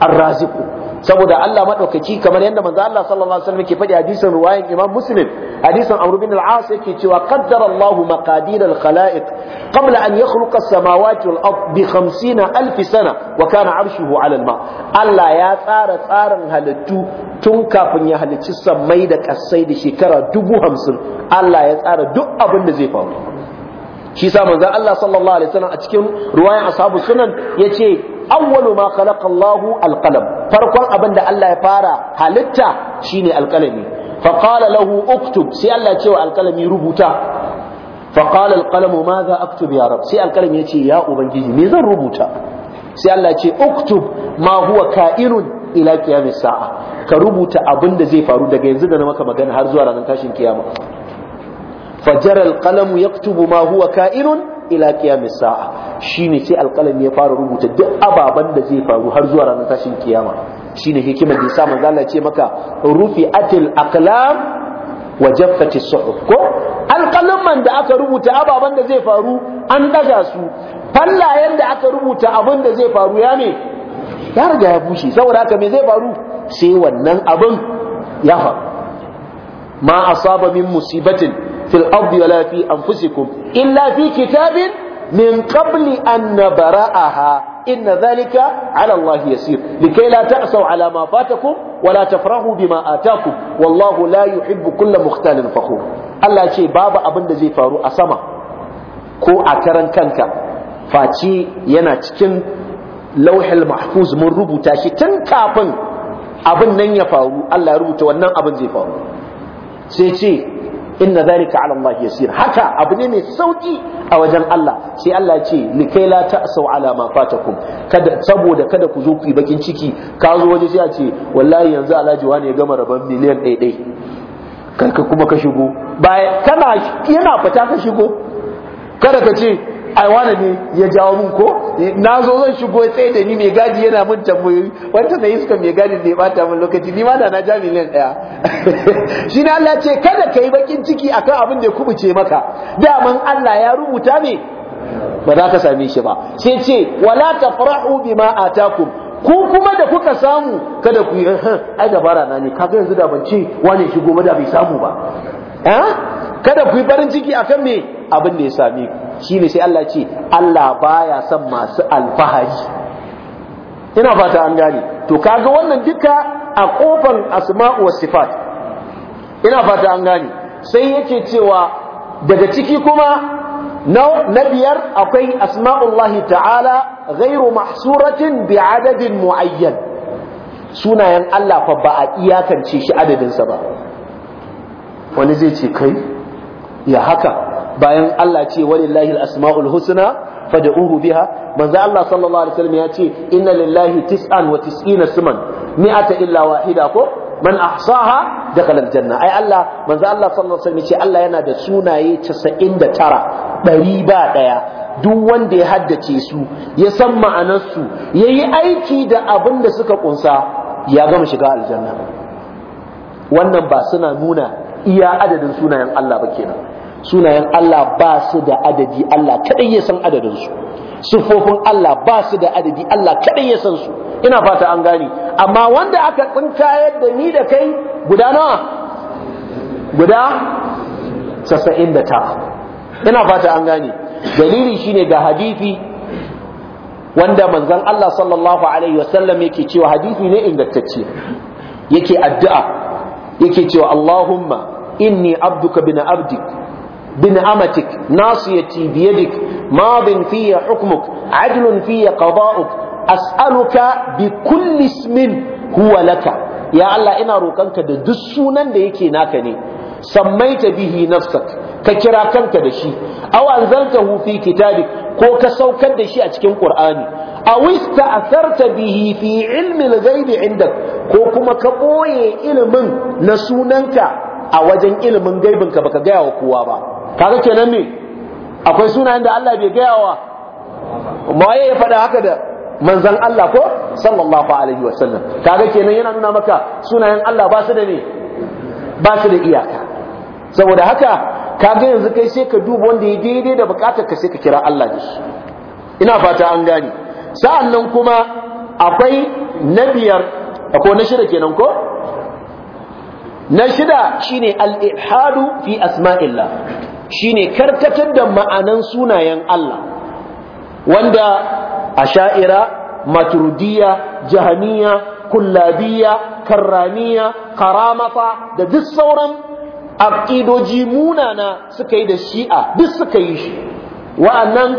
arraziku saboda Allah madaukaki kamar yadda manzo Allah sallallahu alaihi wasallam ke faɗi hadisin ruwayan Imam Muslim hadisin Amr bin al-As yake cewa qaddara Allahu maqadir al-khalaiq qabla an yakhluqa as-samawati wal ard bi 50000 sana wa kana 'arshuhu 'ala al-ma Allah ya tsara tsarin halittu tun kafin ya halicci sammai da kasai da shekara dubu hamsin Allah ya tsara duk abin da zai faru shi sa manzo Allah sallallahu alaihi wasallam a cikin ruwayan ashabu sunan yace awwalu ma khalaqa Allahu alqalam farkon abin da Allah ya fara halitta shine alqalami fa qala lahu uktub sai Allah ya ce wa rubuta fa qala alqalamu madha aktub ya rab sai alqalami ya ce ya ubangiji me zan rubuta sai Allah ya ce uktub ma huwa ka'inun ila qiyamis sa'a ka rubuta abin da zai faru daga yanzu da na maka magana har zuwa ranar tashin kiyama fajar alqalam ya ma huwa kairun ila qiyamis sa'a shine sai alqalam ya fara rubuta duk ababan da zai faru har zuwa ranar tashin kiyama shine hikimar da yasa manzo Allah ce maka rufi'atil aqlam wa jaffatis suhuf ko alqalamman da aka rubuta ababan da zai faru an daga su fallayen da aka rubuta abun da zai faru ya ne ya riga ya bushe saboda aka me zai faru sai wannan abin ya faru ma asaba min musibatin fil ardi wala fi anfusikum illa fi kitabin min qabli an nabra'aha إن ذلك على الله يسير لكي لا تأسوا على ما فاتكم ولا تفرحوا بما آتاكم والله لا يحب كل مختال فخور الله ce babu abin da zai faru a sama ko a karan kanka face yana cikin lauhil mahfuz mun rubuta shi tun kafin abin nan ya faru Allah ya rubuta wannan abin zai faru sai ce inna dhalika ala Allah yasir haka abu ne mai sauki a wajen Allah sai Allah ya ce likai la ta'sau ala ma fatakum kada saboda kada ku zo ku bakin ciki ka zo waje sai a ce wallahi yanzu Alhaji wani ya gama rabon miliyan ɗai-ɗai. Kai ka kuma ka shigo Ba kana yana fita ka shigo kada ka ce ai wani ne ya jawo mun ko na zo zan shigo ya tsaye da ni mai gadi yana mun tambayoyi wanda sai iska mai gadi da ya bata mun lokaci ni ma da na ja miliyan daya shi ne Allah ce kada kai bakin ciki akan abin da ya kubuce maka daman Allah ya rubuta ne ba za ka same shi ba sai ce wala tafrahu bima atakum ku kuma da kuka samu kada ku yi ai dabara na ne kaga yanzu da ban ce wani shigo ba da bai samu ba kada ku yi farin ciki akan me abin da ya same ku shine sai Allah ce Allah baya son masu alfahari ina fata an gane to kaga wannan duka a ƙofan asma'u was sifat ina fata an gane sai yake cewa daga ciki kuma na biyar akwai asma'ullahi ta'ala ghairu mahsuratin bi adadin muayyan sunayen Allah fa ba a iyakance shi adadinsa ba wani zai ce kai ya haka bayan Allah ce walillahi al-asma'ul husna fad'uhu biha manzo Allah sallallahu alaihi wasallam ya ce inna lillahi tis'an wa tis'ina suman mi'ata illa wahida ko man ahsaha dakhala al-janna ai Allah manzo Allah sallallahu alaihi wasallam ya ce Allah yana da sunaye 99 ɗari ba ɗaya duk wanda ya haddace su ya san ma'anarsu ya yi aiki da abin da suka kunsa ya gama shiga aljanna wannan ba suna nuna iya adadin sunayen Allah ba kenan sunayen Allah ba su da adadi Allah kadai ya san adadin sufofin Allah ba su da adadi Allah kadai ya san su ina fata an gane amma wanda aka tsinkayar da ni da kai guda nawa guda sassa'in da ta ina fata an gane dalili shine ga hadisi wanda manzon Allah sallallahu alaihi wasallam yake cewa hadisi ne ingantacce yake addu'a yake cewa Allahumma inni abduka bin abdik بنعمتك ناصيتي بيدك ماض في حكمك عدل في قضاؤك أسألك بكل اسم هو لك يا الله إنا روكنك دسونا ديكي ناكني سميت به نفسك ككرا كنك دشي أو أنزلته في كتابك ko ka saukar da shi a cikin Qur'ani aw ista'tharta bihi fi ilmi al-ghaib ko kuma ka ɓoye ilimin na sunanka a wajen ilimin gaibinka baka gaya wa kowa ba kaga kenan ne akwai sunayen da Allah bai gaya wa waye ya faɗa haka da manzan Allah ko sallallahu alaihi wasallam kaga kenan yana nuna maka sunayen Allah ba su da ne ba su da iyaka saboda haka kaga yanzu kai sai ka duba wanda ya daidai da bukatar ka sai ka kira Allah da shi ina fata an gane sa'an nan kuma akwai na biyar ko na shida kenan ko na shida shine al-ihadu fi asma'illah shine karkatar da ma'anan sunayen Allah wanda a sha'ira, maturdiya jahaniya kullabiya, karramiya karamata da duk sauran aƙidoji munana suka yi da shi'a duk suka yi shi wa'annan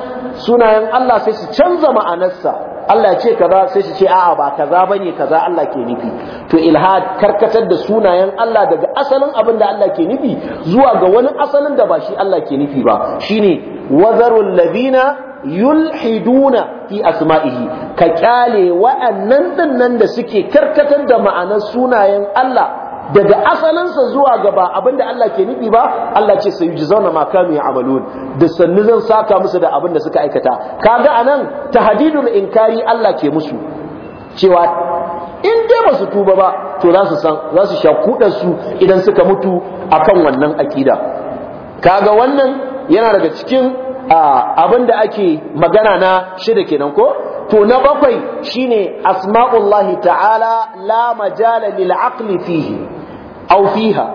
sunayen Allah sai su canza ma'anarsa Allah ya ce kaza sai shi ce a'a ba kaza bane kaza Allah ke nufi to ilhad karkatar da sunayen Allah daga asalin abin da Allah ke nufi zuwa ga wani asalin da ba shi Allah ke nufi ba shine wazarul ladina yulhiduna fi asma'ihi ka kyale wa'annan dinnan da suke karkatar da ma'anar sunayen Allah daga asalinsa zuwa gaba abinda Allah ke nufi ba Allah ce sai yujzauna ma kanu ya'malun da sannu zan saka musu da abinda suka aikata kaga anan tahdidul inkari Allah ke musu cewa in dai ba su tuba ba to za su san za su shakuɗa su idan suka mutu akan wannan akida kaga wannan yana daga cikin abinda ake magana na shida kenan ko to na bakwai shine asma'ullahi ta'ala la majala lil aqli fihi Aufiha,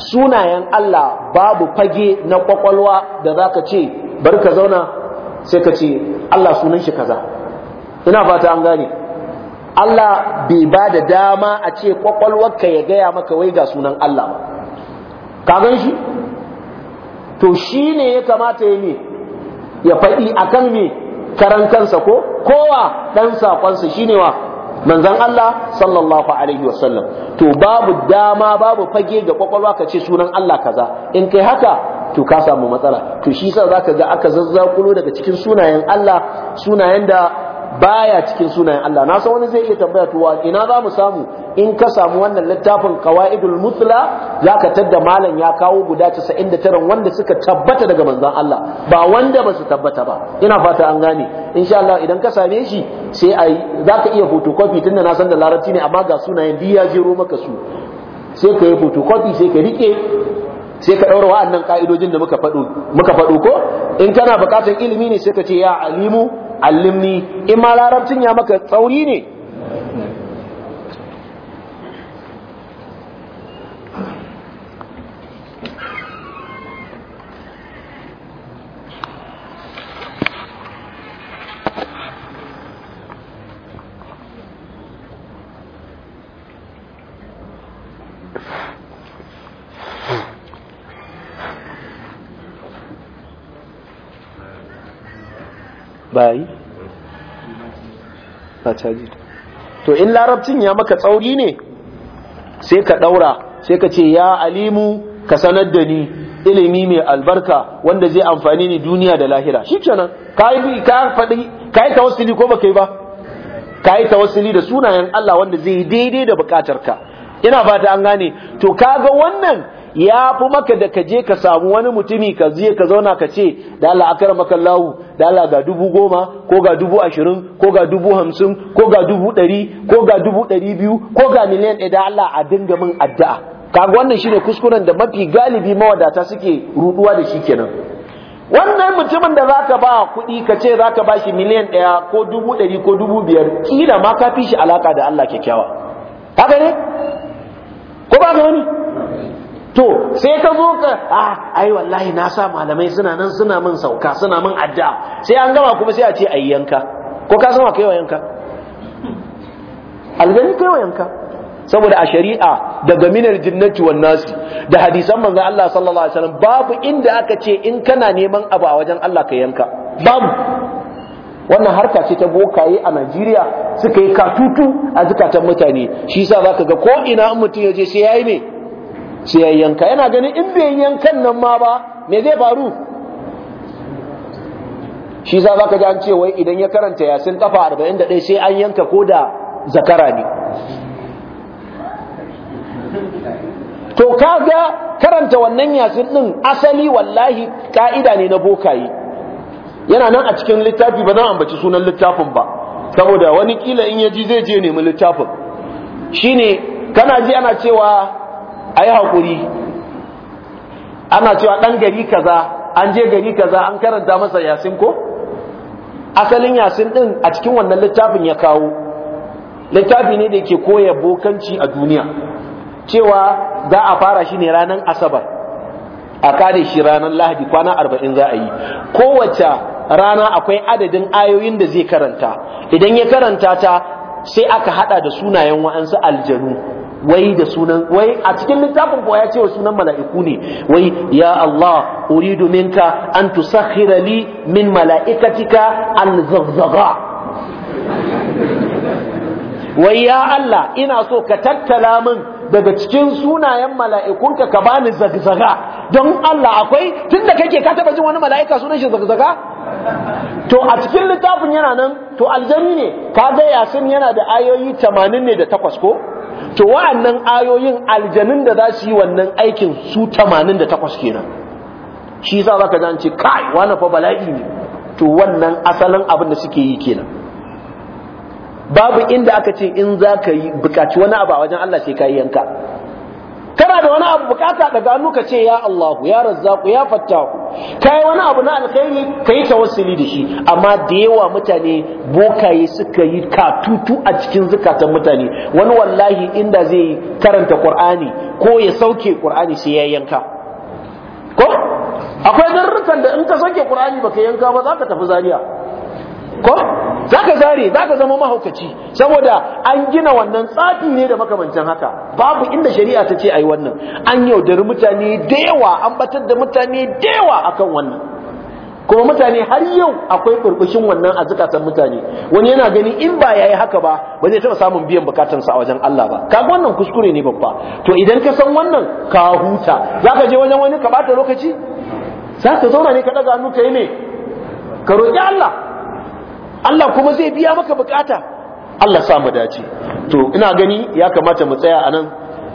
sunayen Allah babu fage na kwakwalwa da za ka ce bari ka zauna sai ka ce Allah sunan shi kaza ina fata an gane Allah bai ba da dama a ce ka ya gaya maka wai ga sunan Allah ka gan shi to shi ne ya kamata ya ne ya faɗi akan me karan kansa ko kowa ɗan saƙonsa shi ne wa manzon Allah sallallahu alaihi wasallam to babu dama babu fage ga kwakwalwa ka ce sunan Allah kaza in kai haka to ka samu matsala to shi yasa zaka ga aka zazzakulo daga cikin sunayen Allah sunayen da baya cikin sunayen Allah na san wani zai iya tambaya to ina za mu samu in ka samu wannan littafin qawaidul mutla zaka tadda malam ya kawo guda 99 wanda suka tabbata daga manzon Allah ba wanda ba su tabbata ba ina fata an gane insha Allah idan ka same shi sai ai zaka iya photocopy tunda na san da larabci ne amma ga sunayen biyu ya jero maka su sai ka yi photocopy sai ka rike sai ka ɗaura wa'annan ƙa'idojin da muka faɗo ko in kana buƙatar ilimi ne sai ka ce ya alimu allimni in ma larabcin ya maka tsauri ne ba yi to in larabcin ya maka tsauri ne sai ka ɗaura sai ka ce ya alimu ka sanar da ni ilimi mai albarka wanda zai amfani ni duniya da lahira shi kenan ka yi tawassuli ko ba yi ba ka yi tawassuli da sunayen Allah wanda zai yi daidai da bukatarka ina fata an gane to kaga wannan ya fi maka da ka je ka samu wani mutumi ka je ka zauna ka ce da Allah akara maka lawu da Allah ga dubu goma ko ga dubu ashirin ko ga dubu hamsin ko ga dubu ɗari ko ga dubu ɗari biyu ko ga miliyan ɗaya da Allah a dinga min addu'a kaga wannan shine kuskuren da mafi galibi mawadata suke ruduwa da shi kenan wannan mutumin da zaka ba kuɗi ka ce zaka ba shi miliyan ɗaya ko dubu ɗari ko dubu biyar kila ma ka fi shi alaka da Allah kyakkyawa haka ne ko ba ka wani to sai ka zo ka a ah, ai wallahi na sa malamai suna nan suna min sauka suna min addu'a sai an gama kuma sai a ce ai yanka ko ka san wa kai yanka algani kai wa yanka saboda a shari'a daga minar jinnati wan nasi da hadisan manzo Allah sallallahu alaihi wasallam babu inda aka ce in kana neman abu a wajen Allah ka yanka babu wannan harka ce ta bokaye a Najeriya suka yi katutu a zukatan mutane shi yasa zaka ga ko ina mutum ya je sai yayi me. sai ya yanka yana ganin in bai yankan nan ma ba me zai faru shi sa zaka ji an ce wai idan ya karanta yasin kafa 41 sai an yanka ko da zakara ne to kaga karanta wannan yasin din asali wallahi ka'ida ne na bokaye yana nan a cikin littafi ba zan ambaci sunan littafin ba saboda wani kila in yaji zai je nemi littafin shine kana ji ana cewa Ayi yi haƙuri ana cewa ɗan gari kaza an je gari kaza an karanta masa yasin ko asalin yasin ɗin a cikin wannan littafin ya kawo littafi ne da ke koya bokanci a duniya cewa za a fara shi ne ranar asabar a kare shi ranar lahadi kwana arba'in za a yi kowace rana akwai adadin ayoyin da zai karanta idan ya karanta ta sai aka hada da sunayen wa'ansu aljanu wai da sunan wai a cikin littafin kuwa ya ce wa sunan mala'iku ne wai ya Allah uridu minka an tusakhira li min mala'ikatika al-zagzaga wai ya Allah ina so ka tattala min daga cikin sunayen mala'ikunka ka bani zagzaga don Allah akwai tunda kake ka taba jin wani mala'ika sunan shi zagzaga to a cikin littafin yana nan to aljami ne ka ga yasin yana da ayoyi tamanin ne da 8 ko to wa'annan ayoyin aljanun da za su yi wannan aikin su 88 kenan shi yasa zaka ji an ce kai wani fa bala'i ne to wannan asalin abin da suke yi kenan babu inda aka ce in za ka yi bukaci wani abu a wajen Allah sai ka yi yanka kana da wani abu bukata daga hannu ka ce ya Allahu ya Razzaku ya Fattahu kai wani abu na alkhairi kai wasili da shi amma da yawa mutane bokaye suka yi katutu a cikin zukatan mutane wani wallahi inda zai karanta Qur'ani ko ya sauke Qur'ani sai ya yanka ko akwai darrukan da in ka sauke Qur'ani baka yanka ba za ka tafi zaniya ko za ka zare za ka zama mahaukaci saboda an gina wannan tsafi ne da makamancin haka babu inda shari'a ta ce a yi wannan an yaudari mutane da yawa an batar da mutane da yawa akan wannan kuma mutane har yau akwai ƙurƙushin wannan a zukatan mutane wani yana gani in ba ya yi haka ba ba zai taɓa samun biyan bukatansa a wajen Allah ba kaga wannan kuskure ne babba to idan ka san wannan ka huta zaka je wajen wani ka bata lokaci zaka zauna ne ka daga hannu ka yi ne ka roki Allah Allah kuma zai biya maka bukata Allah sa mu dace to ina gani ya kamata mu tsaya anan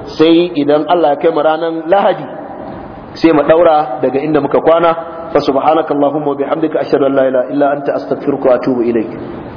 sai idan Allah ya kai mu ranar Lahadi sai mu daura daga inda muka kwana fa subhanakallahumma wa bihamdika ashhadu an la ilaha illa anta astaghfiruka wa atubu ilaik